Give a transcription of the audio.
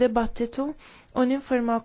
dibattitu u ninforma